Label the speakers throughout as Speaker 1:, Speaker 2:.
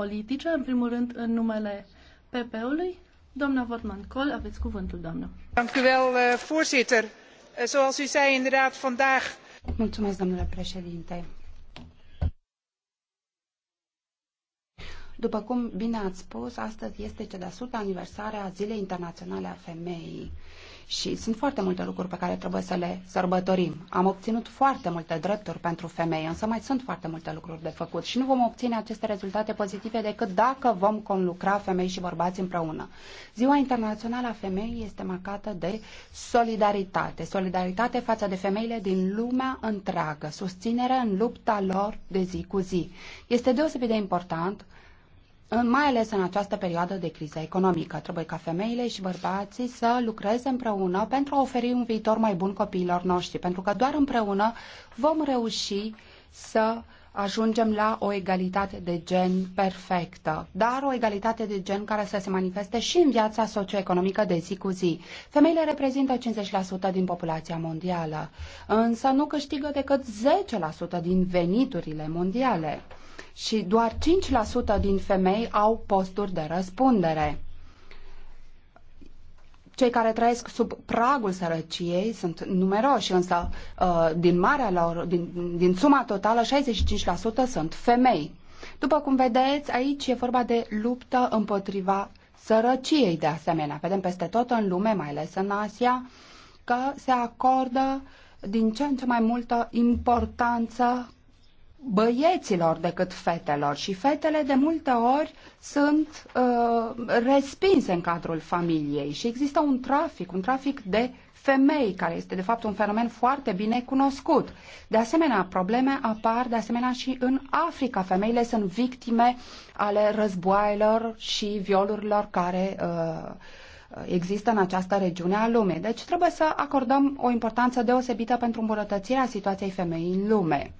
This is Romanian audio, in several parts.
Speaker 1: politice, în primul rând în numele PP-ului. Doamna Vortman Kol, aveți cuvântul, doamnă.
Speaker 2: Eh, eh,
Speaker 3: Mulțumesc, domnule președinte. După cum bine ați spus, astăzi este cea de-a 100 aniversare a Zilei Internaționale a Femeii și sunt foarte multe lucruri pe care trebuie să le sărbătorim. Am obținut foarte multe drepturi pentru femei, însă mai sunt foarte multe lucruri de făcut și nu vom obține aceste rezultate pozitive decât dacă vom conlucra femei și bărbați împreună. Ziua Internațională a Femeii este marcată de solidaritate. Solidaritate față de femeile din lumea întreagă, susținere în lupta lor de zi cu zi. Este deosebit de important mai ales în această perioadă de criză economică. Trebuie ca femeile și bărbații să lucreze împreună pentru a oferi un viitor mai bun copiilor noștri, pentru că doar împreună vom reuși să ajungem la o egalitate de gen perfectă, dar o egalitate de gen care să se manifeste și în viața socioeconomică de zi cu zi. Femeile reprezintă 50% din populația mondială, însă nu câștigă decât 10% din veniturile mondiale și doar 5% din femei au posturi de răspundere. Cei care trăiesc sub pragul sărăciei sunt numeroși, însă uh, din marea lor, din, din suma totală, 65% sunt femei. După cum vedeți, aici e vorba de luptă împotriva sărăciei de asemenea. Vedem peste tot în lume, mai ales în Asia, că se acordă din ce în ce mai multă importanță băieților decât fetelor și fetele de multe ori sunt uh, respinse în cadrul familiei și există un trafic, un trafic de femei, care este de fapt un fenomen foarte bine cunoscut. De asemenea, probleme apar de asemenea și în Africa. Femeile sunt victime ale războaielor și violurilor care uh, există în această regiune a lumei. Deci trebuie să acordăm o importanță deosebită pentru îmbunătățirea situației femeii în lume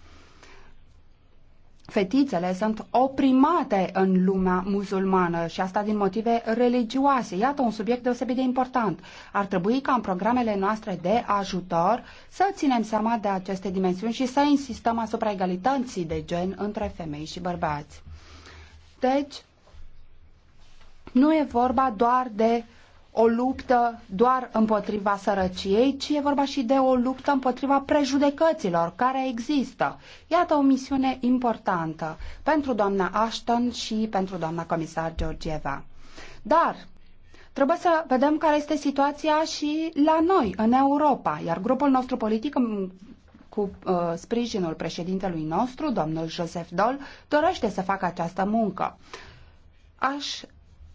Speaker 3: fetițele sunt oprimate în lumea musulmană și asta din motive religioase. Iată un subiect deosebit de important. Ar trebui ca în programele noastre de ajutor să ținem seama de aceste dimensiuni și să insistăm asupra egalității de gen între femei și bărbați. Deci, nu e vorba doar de o luptă doar împotriva sărăciei, ci e vorba și de o luptă împotriva prejudecăților care există. Iată o misiune importantă pentru doamna Ashton și pentru doamna comisar Georgieva. Dar trebuie să vedem care este situația și la noi, în Europa, iar grupul nostru politic cu uh, sprijinul președintelui nostru, domnul Joseph Dol, dorește să facă această muncă. Aș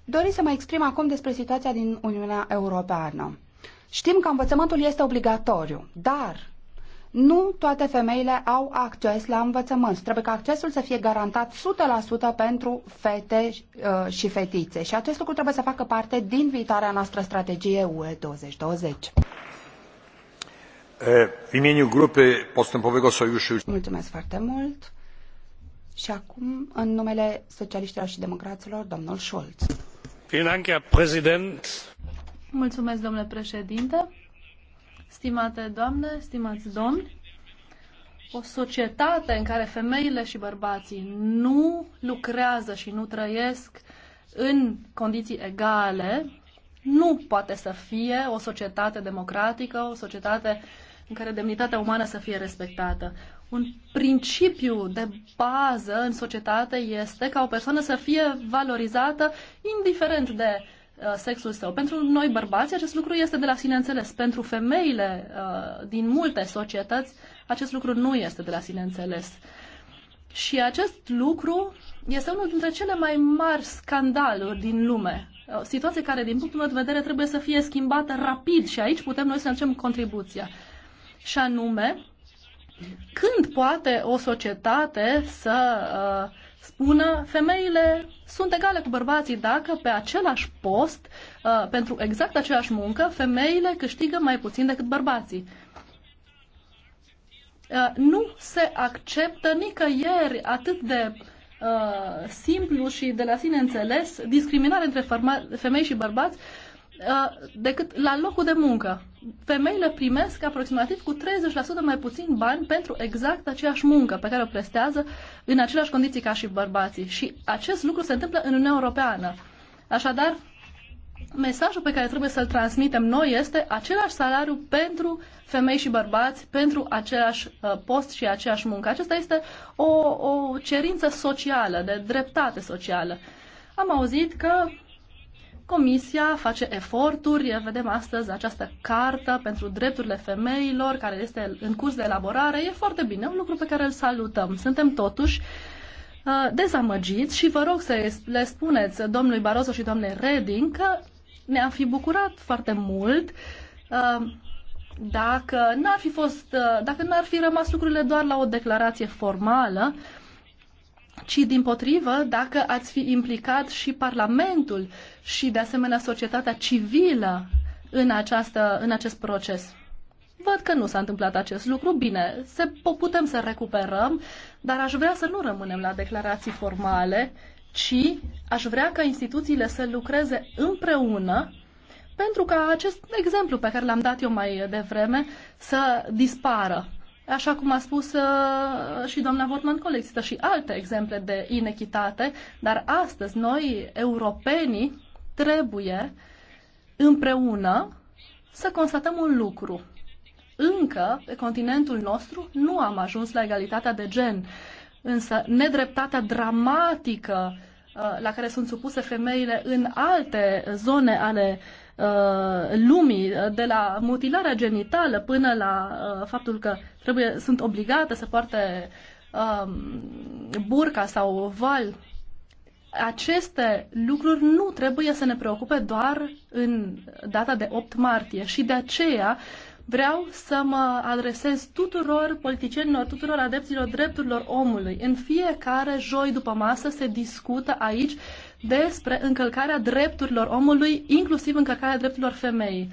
Speaker 3: dori să mă exprim acum despre situația din Uniunea Europeană. Știm că învățământul este obligatoriu, dar nu toate femeile au acces la învățământ. Trebuie ca accesul să fie garantat 100% pentru fete uh, și fetițe. Și acest lucru trebuie să facă parte din viitoarea noastră strategie UE 2020.
Speaker 1: W imieniu Grupy Postępowego Sojuszu... Mulțumesc
Speaker 3: foarte mult. Și acum, în numele socialiștilor și democraților, domnul Scholz.
Speaker 1: Mulțumesc, domnule președinte. Stimate doamne, stimați domni, o societate în care femeile și bărbații nu lucrează și nu trăiesc în condiții egale nu poate să fie o societate democratică, o societate în care demnitatea umană să fie respectată un principiu de bază în societate este ca o persoană să fie valorizată indiferent de uh, sexul său. Pentru noi bărbați acest lucru este de la sine înțeles. Pentru femeile uh, din multe societăți acest lucru nu este de la sine înțeles. Și acest lucru este unul dintre cele mai mari scandaluri din lume. O uh, situație care, din punctul meu de vedere, trebuie să fie schimbată rapid și aici putem noi să ne contribuția. Și anume, când poate o societate să uh, spună femeile sunt egale cu bărbații dacă pe același post, uh, pentru exact aceeași muncă, femeile câștigă mai puțin decât bărbații? Uh, nu se acceptă nicăieri atât de uh, simplu și de la sine înțeles discriminare între femei și bărbați decât la locul de muncă. Femeile primesc aproximativ cu 30% mai puțin bani pentru exact aceeași muncă pe care o prestează în aceleași condiții ca și bărbații. Și acest lucru se întâmplă în Uniunea Europeană. Așadar, mesajul pe care trebuie să-l transmitem noi este același salariu pentru femei și bărbați, pentru același post și aceeași muncă. Acesta este o, o cerință socială, de dreptate socială. Am auzit că Comisia face eforturi, vedem astăzi această cartă pentru drepturile femeilor care este în curs de elaborare, e foarte bine, un lucru pe care îl salutăm. Suntem totuși uh, dezamăgiți și vă rog să le spuneți domnului Barroso și doamnei Reding că ne-am fi bucurat foarte mult uh, dacă n-ar fi fost, uh, dacă n-ar fi rămas lucrurile doar la o declarație formală, ci din potrivă dacă ați fi implicat și Parlamentul și de asemenea societatea civilă în, această, în acest proces. Văd că nu s-a întâmplat acest lucru. Bine, se, putem să recuperăm, dar aș vrea să nu rămânem la declarații formale, ci aș vrea ca instituțiile să lucreze împreună pentru ca acest exemplu pe care l-am dat eu mai devreme să dispară. Așa cum a spus uh, și doamna Vortman Cole, există și alte exemple de inechitate, dar astăzi noi, europenii, trebuie împreună să constatăm un lucru. Încă pe continentul nostru nu am ajuns la egalitatea de gen, însă nedreptatea dramatică uh, la care sunt supuse femeile în alte zone ale uh, Uh, lumii, uh, de la mutilarea genitală până la uh, faptul că trebuie, sunt obligate să poarte um, burca sau oval aceste lucruri nu trebuie să ne preocupe doar în data de 8 martie și de aceea vreau să mă adresez tuturor politicienilor, tuturor adepților drepturilor omului. În fiecare joi după masă se discută aici despre încălcarea drepturilor omului, inclusiv încălcarea drepturilor femeii.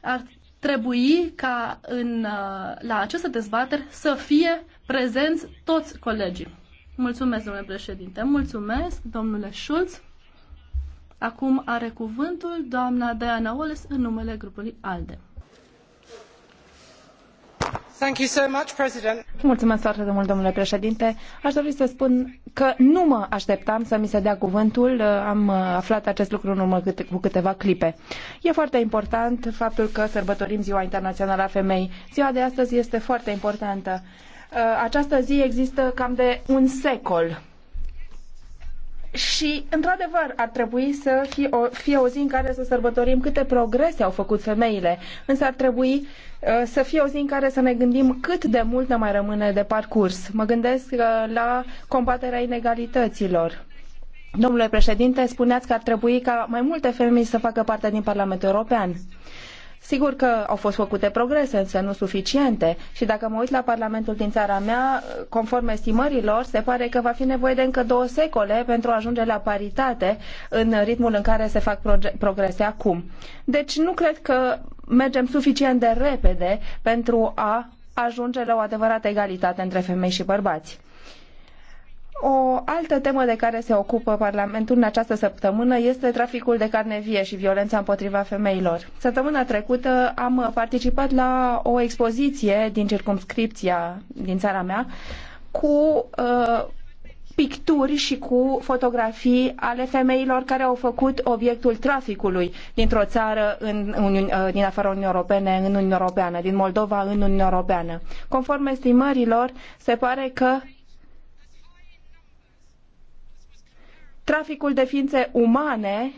Speaker 1: Ar trebui ca în, uh, la aceste dezbateri să fie prezenți toți colegii. Mulțumesc, domnule președinte. Mulțumesc, domnule Schulz. Acum are cuvântul doamna Diana Oles în numele grupului ALDE.
Speaker 2: Mulțumesc foarte mult, domnule președinte. Aș dori să spun că nu mă așteptam să mi se dea cuvântul. Am aflat acest lucru în urmă cu câteva clipe. E foarte important faptul că sărbătorim Ziua Internațională a Femei. Ziua de astăzi este foarte importantă. Această zi există cam de un secol și, într-adevăr, ar trebui să fie o, fie o zi în care să sărbătorim câte progrese au făcut femeile, însă ar trebui uh, să fie o zi în care să ne gândim cât de mult ne mai rămâne de parcurs. Mă gândesc uh, la combaterea inegalităților. Domnule președinte, spuneați că ar trebui ca mai multe femei să facă parte din Parlamentul European. Uh, Sigur că au fost făcute progrese, însă nu suficiente și dacă mă uit la Parlamentul din țara mea, conform estimărilor, se pare că va fi nevoie de încă două secole pentru a ajunge la paritate în ritmul în care se fac progrese acum. Deci nu cred că mergem suficient de repede pentru a ajunge la o adevărată egalitate între femei și bărbați. O altă temă de care se ocupă Parlamentul în această săptămână este traficul de carne vie și violența împotriva femeilor. Săptămâna trecută am participat la o expoziție din circumscripția din țara mea cu uh, picturi și cu fotografii ale femeilor care au făcut obiectul traficului dintr-o țară în, uh, din afara Uniunii Europene în Uniunea Europeană, din Moldova în Uniunea Europeană. Conform estimărilor, se pare că Traficul de ființe umane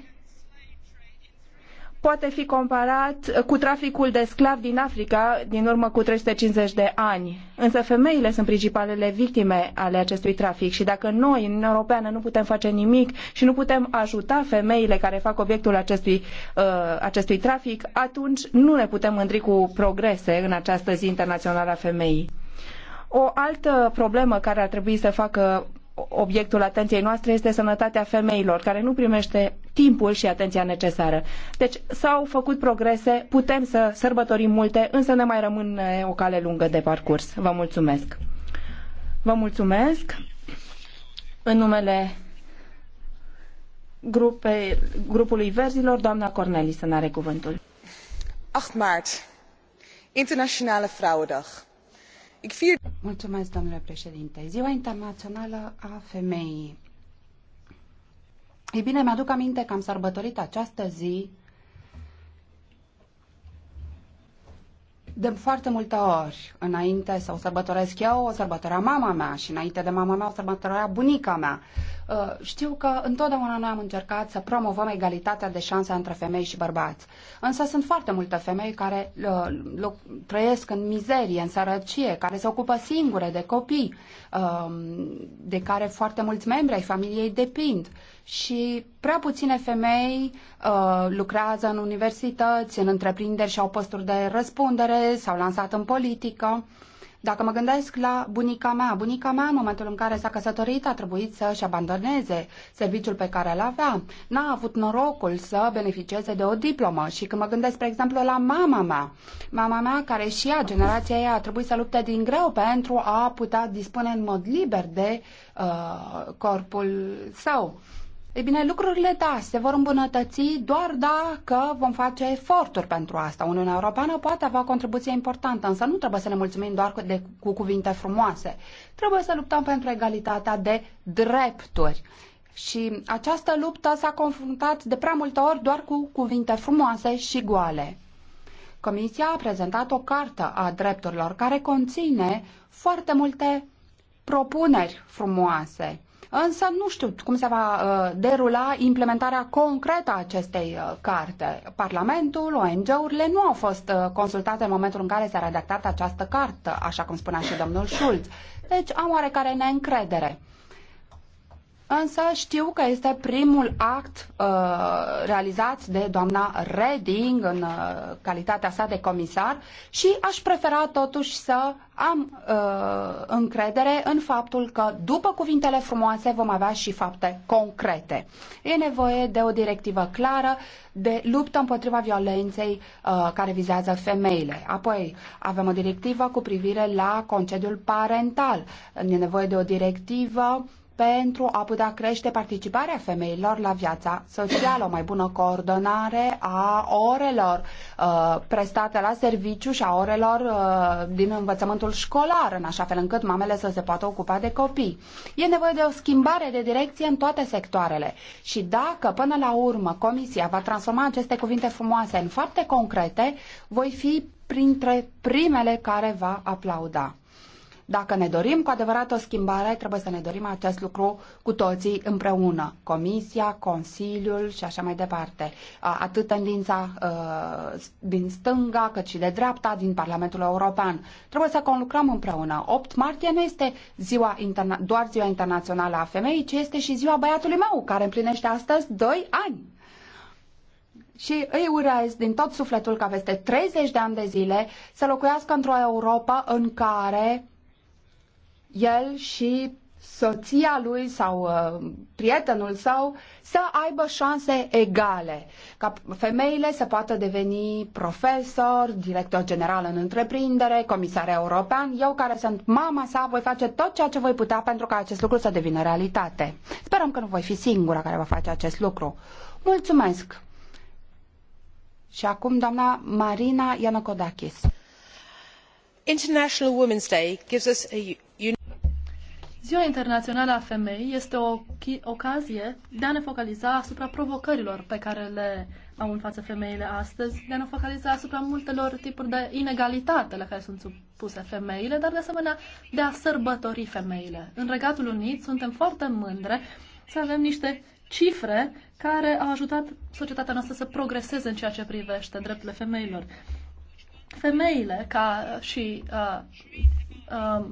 Speaker 2: poate fi comparat cu traficul de sclavi din Africa din urmă cu 350 de ani. Însă femeile sunt principalele victime ale acestui trafic și dacă noi, în Europeană, nu putem face nimic și nu putem ajuta femeile care fac obiectul acestui, uh, acestui trafic, atunci nu ne putem mândri cu progrese în această zi internațională a femeii. O altă problemă care ar trebui să facă obiectul atenției noastre este sănătatea femeilor, care nu primește timpul și atenția necesară. Deci s-au făcut progrese, putem să sărbătorim multe, însă ne mai rămâne o cale lungă de parcurs. Vă mulțumesc! Vă mulțumesc! În numele grupe, grupului Verzilor, doamna Cornelison are cuvântul.
Speaker 3: 8 mart, Internaționale Vrouwendag. Mulțumesc, domnule președinte. Ziua Internațională a Femeii. Ei bine, mi-aduc aminte că am sărbătorit această zi de foarte multe ori înainte să o sărbătoresc eu, o sărbătorea mama mea și înainte de mama mea o sărbătorea bunica mea. Uh, știu că întotdeauna noi am încercat să promovăm egalitatea de șanse între femei și bărbați. Însă sunt foarte multe femei care uh, trăiesc în mizerie, în sărăcie, care se ocupă singure de copii, um, de care foarte mulți membri ai familiei depind. Și prea puține femei uh, lucrează în universități, în întreprinderi și au posturi de răspundere, s-au lansat în politică. Dacă mă gândesc la bunica mea, bunica mea în momentul în care s-a căsătorit a trebuit să-și abandoneze serviciul pe care îl avea. N-a avut norocul să beneficieze de o diplomă și când mă gândesc, spre exemplu, la mama mea, mama mea care și ea, generația ei, a trebuit să lupte din greu pentru a putea dispune în mod liber de uh, corpul său. Ei bine, lucrurile, da, se vor îmbunătăți doar dacă vom face eforturi pentru asta. Uniunea Europeană poate avea o contribuție importantă, însă nu trebuie să ne mulțumim doar cu, de, cu cuvinte frumoase. Trebuie să luptăm pentru egalitatea de drepturi. Și această luptă s-a confruntat de prea multe ori doar cu cuvinte frumoase și goale. Comisia a prezentat o cartă a drepturilor care conține foarte multe propuneri frumoase însă nu știu cum se va uh, derula implementarea concretă a acestei uh, carte. Parlamentul, ONG-urile nu au fost uh, consultate în momentul în care s-a redactat această carte, așa cum spunea și domnul Schulz. Deci am oarecare neîncredere. Însă știu că este primul act uh, realizat de doamna Reding în uh, calitatea sa de comisar și aș prefera totuși să am uh, încredere în faptul că după cuvintele frumoase vom avea și fapte concrete. E nevoie de o directivă clară de luptă împotriva violenței uh, care vizează femeile. Apoi avem o directivă cu privire la concediul parental. E nevoie de o directivă pentru a putea crește participarea femeilor la viața socială, o mai bună coordonare a orelor uh, prestate la serviciu și a orelor uh, din învățământul școlar, în așa fel încât mamele să se poată ocupa de copii. E nevoie de o schimbare de direcție în toate sectoarele și dacă până la urmă Comisia va transforma aceste cuvinte frumoase în fapte concrete, voi fi printre primele care va aplauda. Dacă ne dorim cu adevărat o schimbare, trebuie să ne dorim acest lucru cu toții împreună. Comisia, Consiliul și așa mai departe. Atât tendința din stânga, cât și de dreapta din Parlamentul European. Trebuie să conlucrăm împreună. 8 martie nu este ziua doar ziua internațională a femeii, ci este și ziua băiatului meu, care împlinește astăzi 2 ani și îi urez din tot sufletul ca peste 30 de ani de zile să locuiască într-o Europa în care el și soția lui sau uh, prietenul său să aibă șanse egale, ca femeile să poată deveni profesor, director general în întreprindere, comisar european. Eu, care sunt mama sa, voi face tot ceea ce voi putea pentru ca acest lucru să devină realitate. Sperăm că nu voi fi singura care va face acest lucru. Mulțumesc! Și acum doamna
Speaker 1: Marina Ianocodakis. International Women's Day gives us a Ziua Internațională a Femeii este o ocazie de a ne focaliza asupra provocărilor pe care le au în față femeile astăzi, de a ne focaliza asupra multelor tipuri de inegalitate la care sunt supuse femeile, dar de asemenea de a sărbători femeile. În Regatul Unit suntem foarte mândre să avem niște cifre care au ajutat societatea noastră să progreseze în ceea ce privește drepturile femeilor. Femeile, ca și uh, uh,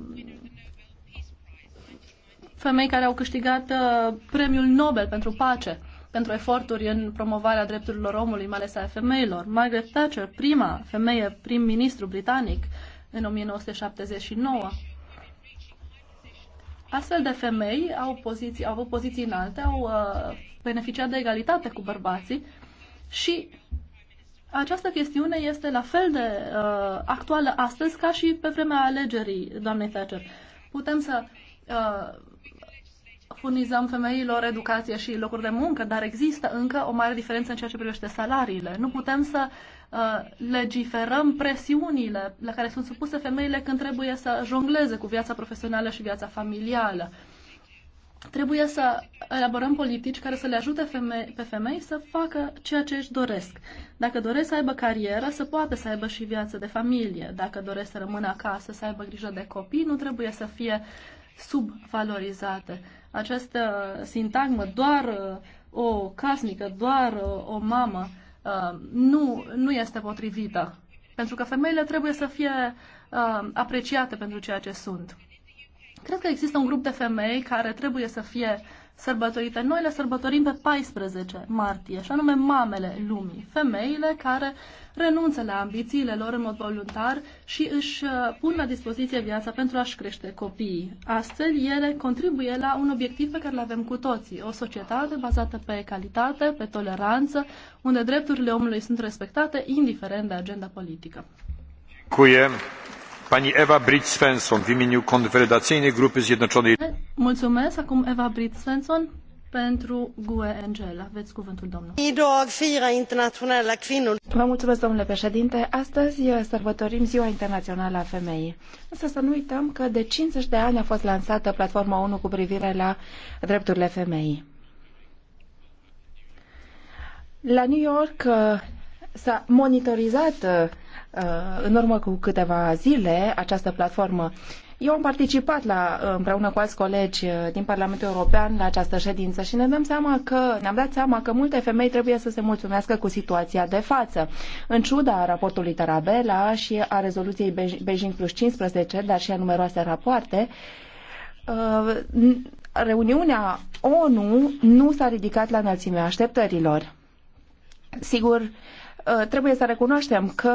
Speaker 1: femei care au câștigat uh, premiul Nobel pentru pace, pentru eforturi în promovarea drepturilor omului, mai ales a femeilor. Margaret Thatcher, prima femeie prim-ministru britanic în 1979. Astfel de femei au, poziții, au avut poziții înalte, au uh, beneficiat de egalitate cu bărbații și această chestiune este la fel de uh, actuală astăzi ca și pe vremea alegerii doamnei Thatcher. Putem să uh, furnizăm femeilor educație și locuri de muncă, dar există încă o mare diferență în ceea ce privește salariile. Nu putem să uh, legiferăm presiunile la care sunt supuse femeile când trebuie să jongleze cu viața profesională și viața familială. Trebuie să elaborăm politici care să le ajute femei, pe femei să facă ceea ce își doresc. Dacă doresc să aibă carieră, să poată să aibă și viață de familie. Dacă doresc să rămână acasă, să aibă grijă de copii, nu trebuie să fie subvalorizate această sintagmă, doar uh, o casnică, doar uh, o mamă, uh, nu, nu este potrivită. Pentru că femeile trebuie să fie apreciate pentru ceea ce sunt. Cred că există un grup de femei care trebuie să fie sărbătorite. Noi le sărbătorim pe 14 martie, și anume mamele lumii, femeile care renunță la ambițiile lor în mod voluntar și își uh, pun la dispoziție viața pentru a-și crește copiii. Astfel, ele contribuie la un obiectiv pe care îl avem cu toții, o societate bazată pe calitate, pe toleranță, unde drepturile omului sunt respectate, indiferent de agenda politică. Cuie. Pani Eva Britt Svensson w imieniu Konfederacyjnej Grupy Zjednoczonej. Mulțumesc, acum Eva Britt Svensson pentru GUE Angel. Aveți cuvântul, domnul.
Speaker 2: Idag fira internațională kvinnor. Vă mulțumesc, domnule președinte. Astăzi sărbătorim Ziua Internațională a Femeii. Însă să nu uităm că de 50 de ani a fost lansată Platforma 1 cu privire la drepturile femeii. La New York uh, s-a monitorizat uh, Uh, în urmă cu câteva zile această platformă. Eu am participat la, uh, împreună cu alți colegi uh, din Parlamentul European la această ședință și ne dăm seama că, ne-am dat seama că multe femei trebuie să se mulțumească cu situația de față. În ciuda raportului Tarabella și a rezoluției Beijing plus 15, dar și a numeroase rapoarte, reuniunea ONU nu s-a ridicat la înălțimea așteptărilor. Sigur, Uh, trebuie să recunoaștem că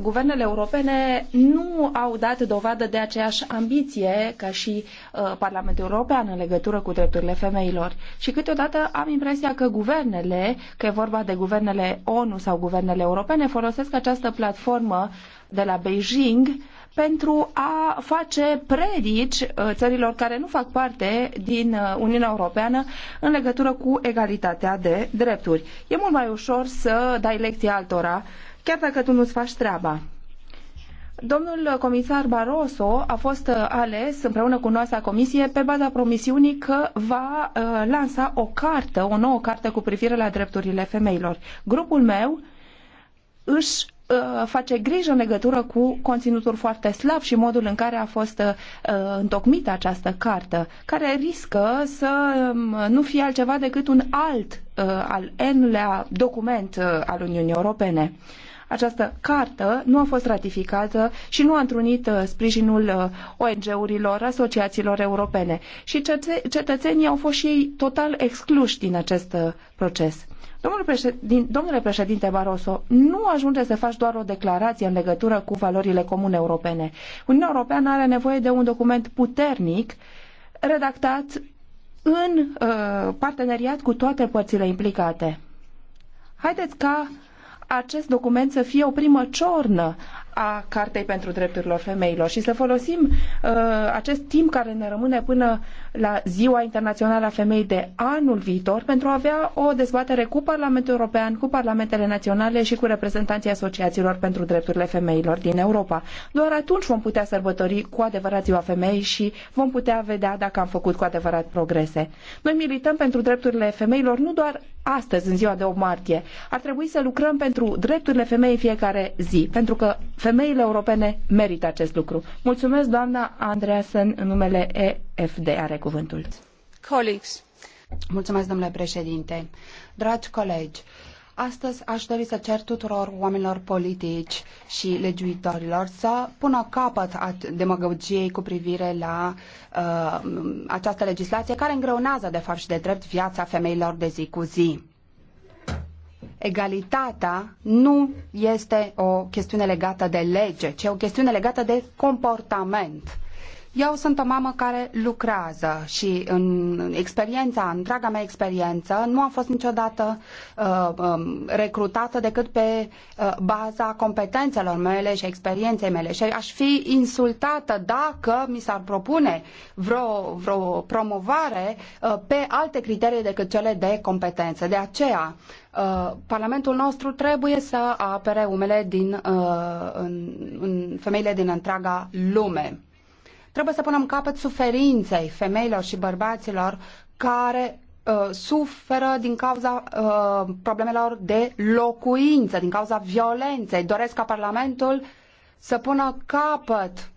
Speaker 2: guvernele europene nu au dat dovadă de aceeași ambiție ca și uh, Parlamentul European în legătură cu drepturile femeilor. Și câteodată am impresia că guvernele, că e vorba de guvernele ONU sau guvernele europene, folosesc această platformă de la Beijing pentru a face predici uh, țărilor care nu fac parte din uh, Uniunea Europeană în legătură cu egalitatea de drepturi. E mult mai ușor să dai lecții altora, chiar dacă tu nu-ți faci treaba. Domnul comisar Barroso a fost uh, ales împreună cu noastră comisie pe baza promisiunii că va lansa o carte, o nouă carte cu privire la drepturile femeilor. Grupul meu își Uh, face grijă în legătură cu conținutul foarte slab și modul în care a fost uh, întocmită această cartă, care riscă să um, nu fie altceva decât un alt uh, al N-lea document al Uniunii Europene. Această cartă nu a fost ratificată și nu a întrunit uh, sprijinul uh, ONG-urilor, asociațiilor europene și cetățenii au fost și ei total excluși din acest uh, proces. Domnule președinte, domnule președinte Barroso, nu ajunge să faci doar o declarație în legătură cu valorile comune europene. Uniunea Europeană are nevoie de un document puternic redactat în uh, parteneriat cu toate părțile implicate. Haideți ca acest document să fie o primă ciornă a Cartei pentru Drepturile Femeilor și să folosim uh, acest timp care ne rămâne până la Ziua Internațională a Femeii de anul viitor pentru a avea o dezbatere cu Parlamentul European, cu Parlamentele Naționale și cu reprezentanții asociațiilor pentru drepturile femeilor din Europa. Doar atunci vom putea sărbători cu adevărat Ziua Femei și vom putea vedea dacă am făcut cu adevărat progrese. Noi milităm pentru drepturile femeilor nu doar astăzi, în ziua de 8 martie. Ar trebui să lucrăm pentru drepturile femeii fiecare zi, pentru că femeile europene merită acest lucru. Mulțumesc, doamna Andreasen, în
Speaker 3: numele EFD are cuvântul. Colegi. Mulțumesc, domnule președinte. Dragi colegi, Astăzi aș dori să cer tuturor oamenilor politici și legiuitorilor să pună capăt a demagogiei cu privire la uh, această legislație care îngreunează de fapt și de drept viața femeilor de zi cu zi. Egalitatea nu este o chestiune legată de lege, ci o chestiune legată de comportament eu sunt o mamă care lucrează și în experiența, în întreaga mea experiență, nu am fost niciodată uh, um, recrutată decât pe uh, baza competențelor mele și experienței mele și aș fi insultată dacă mi s-ar propune vreo, vreo promovare uh, pe alte criterii decât cele de competență. De aceea, uh, Parlamentul nostru trebuie să apere umele din, uh, în, în femeile din întreaga lume. Trebuie să punem capăt suferinței femeilor și bărbaților care uh, suferă din cauza uh, problemelor de locuință, din cauza violenței. Doresc ca Parlamentul să pună capăt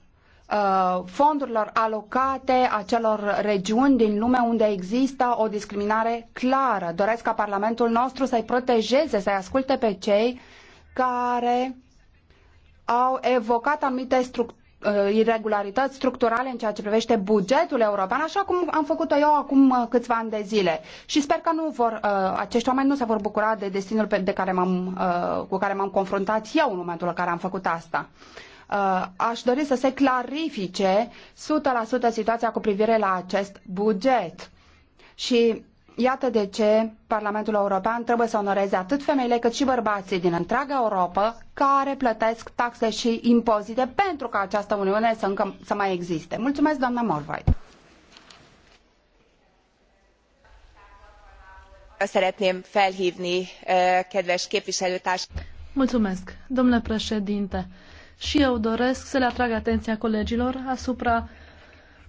Speaker 3: uh, fondurilor alocate acelor regiuni din lume unde există o discriminare clară. Doresc ca Parlamentul nostru să-i protejeze, să-i asculte pe cei care au evocat anumite structuri Uh, irregularități structurale în ceea ce privește bugetul european, așa cum am făcut-o eu acum uh, câțiva ani de zile. Și sper că nu vor, uh, acești oameni nu se vor bucura de destinul pe, de care cu care m-am confruntat eu în momentul în care am făcut asta. Aș dori să se clarifice 100% situația cu privire la acest buget. Și Iată de ce Parlamentul European trebuie să onoreze atât femeile cât și bărbații din întreaga Europa care plătesc taxe și impozite pentru ca această Uniune să, încă, să mai existe. Mulțumesc, doamna Morvai.
Speaker 2: Szeretném felhívni eh, kedves képviselőtársakat.
Speaker 1: Mulțumesc, domnule președinte. Și eu doresc să le atrag atenția colegilor asupra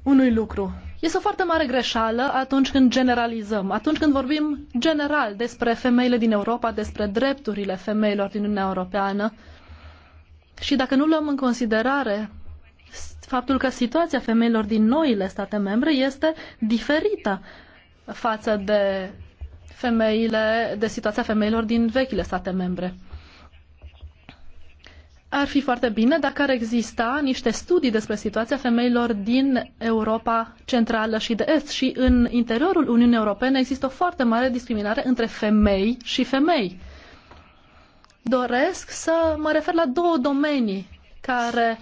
Speaker 1: unui lucru este o foarte mare greșeală atunci când generalizăm, atunci când vorbim general despre femeile din Europa, despre drepturile femeilor din Uniunea Europeană. Și dacă nu luăm în considerare faptul că situația femeilor din noile state membre este diferită față de femeile, de situația femeilor din vechile state membre ar fi foarte bine dacă ar exista niște studii despre situația femeilor din Europa Centrală și de Est și în interiorul Uniunii Europene există o foarte mare discriminare între femei și femei. Doresc să mă refer la două domenii care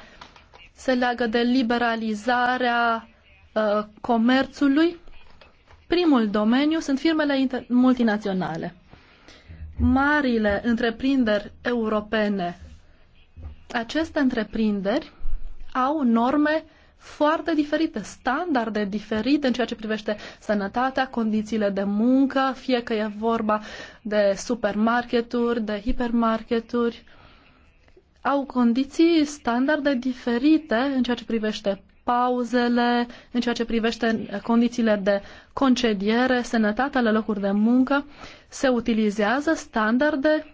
Speaker 1: se leagă de liberalizarea uh, comerțului. Primul domeniu sunt firmele multinaționale. Marile întreprinderi europene aceste întreprinderi au norme foarte diferite, standarde diferite în ceea ce privește sănătatea, condițiile de muncă, fie că e vorba de supermarketuri, de hipermarketuri. Au condiții, standarde diferite în ceea ce privește pauzele, în ceea ce privește condițiile de concediere, sănătatea la locuri de muncă. Se utilizează standarde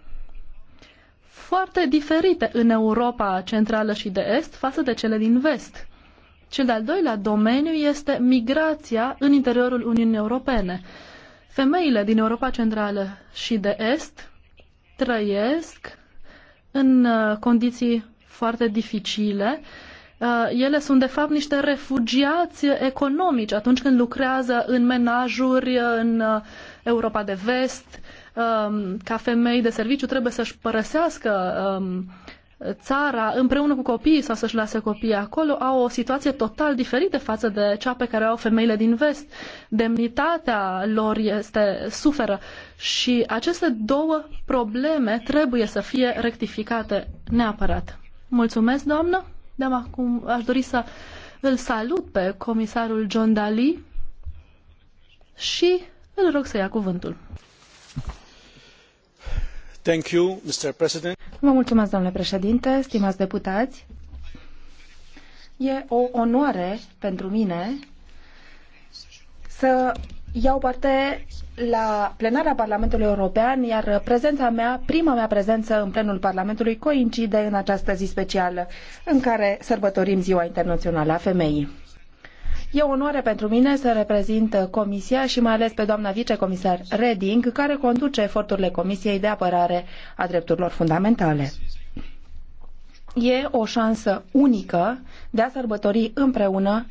Speaker 1: foarte diferite în Europa centrală și de est față de cele din vest. Cel de-al doilea domeniu este migrația în interiorul Uniunii Europene. Femeile din Europa centrală și de est trăiesc în uh, condiții foarte dificile. Uh, ele sunt, de fapt, niște refugiați economici atunci când lucrează în menajuri, uh, în Europa de Vest, um, ca femei de serviciu trebuie să-și părăsească um, țara împreună cu copiii sau să-și lase copiii acolo, au o situație total diferită față de cea pe care o au femeile din vest. Demnitatea lor este suferă și aceste două probleme trebuie să fie rectificate neapărat. Mulțumesc, doamnă! De acum, aș dori să îl salut pe comisarul John Daly și îl rog să ia cuvântul mulțumesc, domnule președinte,
Speaker 2: deputați. E o onoare pentru mine să iau parte la plenarea Parlamentului European, iar prezența mea, prima mea prezență în plenul Parlamentului coincide în această zi specială în care sărbătorim Ziua Internațională a Femeii. E o onoare pentru mine să reprezint Comisia și mai ales pe doamna vicecomisar Reding, care conduce eforturile Comisiei de apărare a drepturilor fundamentale. E o șansă unică de a sărbători împreună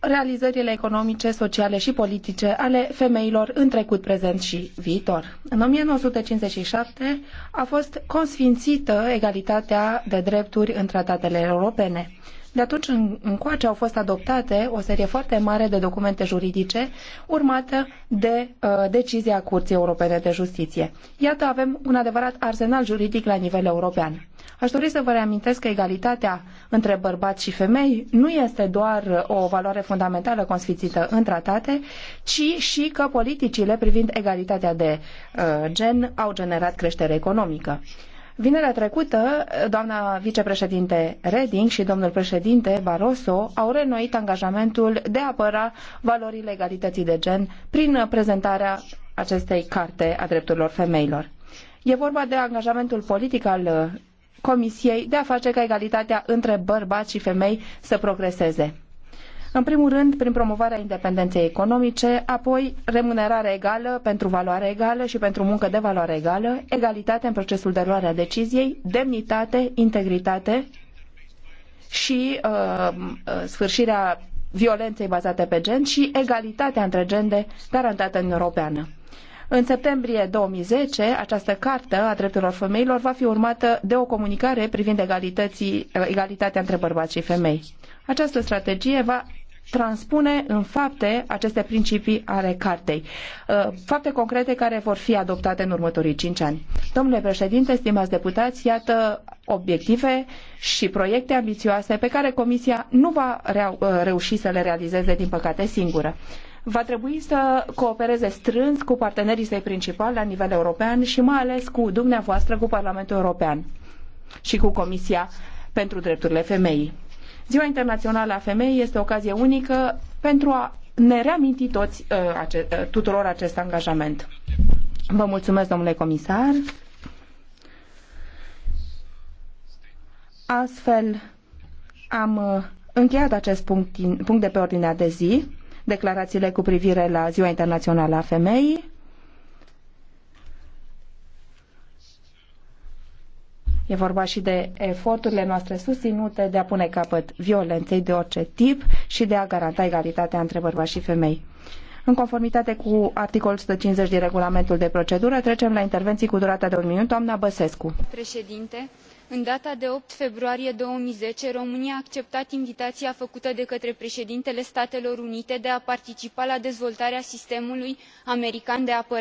Speaker 2: realizările economice, sociale și politice ale femeilor în trecut, prezent și viitor. În 1957 a fost consfințită egalitatea de drepturi în tratatele europene. De atunci încoace au fost adoptate o serie foarte mare de documente juridice, urmată de uh, decizia Curții Europene de Justiție. Iată, avem un adevărat arsenal juridic la nivel european. Aș dori să vă reamintesc că egalitatea între bărbați și femei nu este doar o valoare fundamentală consfințită în tratate, ci și că politicile privind egalitatea de uh, gen au generat creștere economică. Vinerea trecută, doamna vicepreședinte Reding și domnul președinte Barroso au renoit angajamentul de a apăra valorile egalității de gen prin prezentarea acestei carte a drepturilor femeilor. E vorba de angajamentul politic al uh, Comisiei de a face ca egalitatea între bărbați și femei să progreseze. În primul rând, prin promovarea independenței economice, apoi remunerare egală pentru valoare egală și pentru muncă de valoare egală, egalitate în procesul de luare a deciziei, demnitate, integritate și uh, uh sfârșirea violenței bazate pe gen și egalitatea între gende garantată în Europeană. În septembrie 2010, această carte a drepturilor femeilor va fi urmată de o comunicare privind egalitatea între bărbați și femei. Această strategie va transpune în fapte aceste principii ale cartei. Uh, fapte concrete care vor fi adoptate în următorii cinci ani. Domnule președinte, stimați deputați, iată obiective și proiecte ambițioase pe care Comisia nu va uh, reuși să le realizeze, din păcate, singură va trebui să coopereze strâns cu partenerii săi principali la nivel european și mai ales cu dumneavoastră, cu Parlamentul European și cu Comisia pentru Drepturile Femeii. Ziua Internațională a Femeii este o ocazie unică pentru a ne reaminti toți, uh, ace, uh, tuturor acest angajament. Vă mulțumesc, domnule comisar. Astfel am uh, încheiat acest punct, punct de pe ordinea de zi, declarațiile cu privire la Ziua Internațională a Femeii. E vorba și de eforturile noastre susținute de a pune capăt violenței de orice tip și de a garanta egalitatea între bărbați și femei. În conformitate cu articolul 150 din regulamentul de procedură, trecem la intervenții cu durata de un minut. Doamna Băsescu.
Speaker 3: Președinte, în data de 8 februarie 2010, românia a acceptat invitația făcută de
Speaker 1: către Președintele statelor unite de a participa la dezvoltarea sistemului american de apărare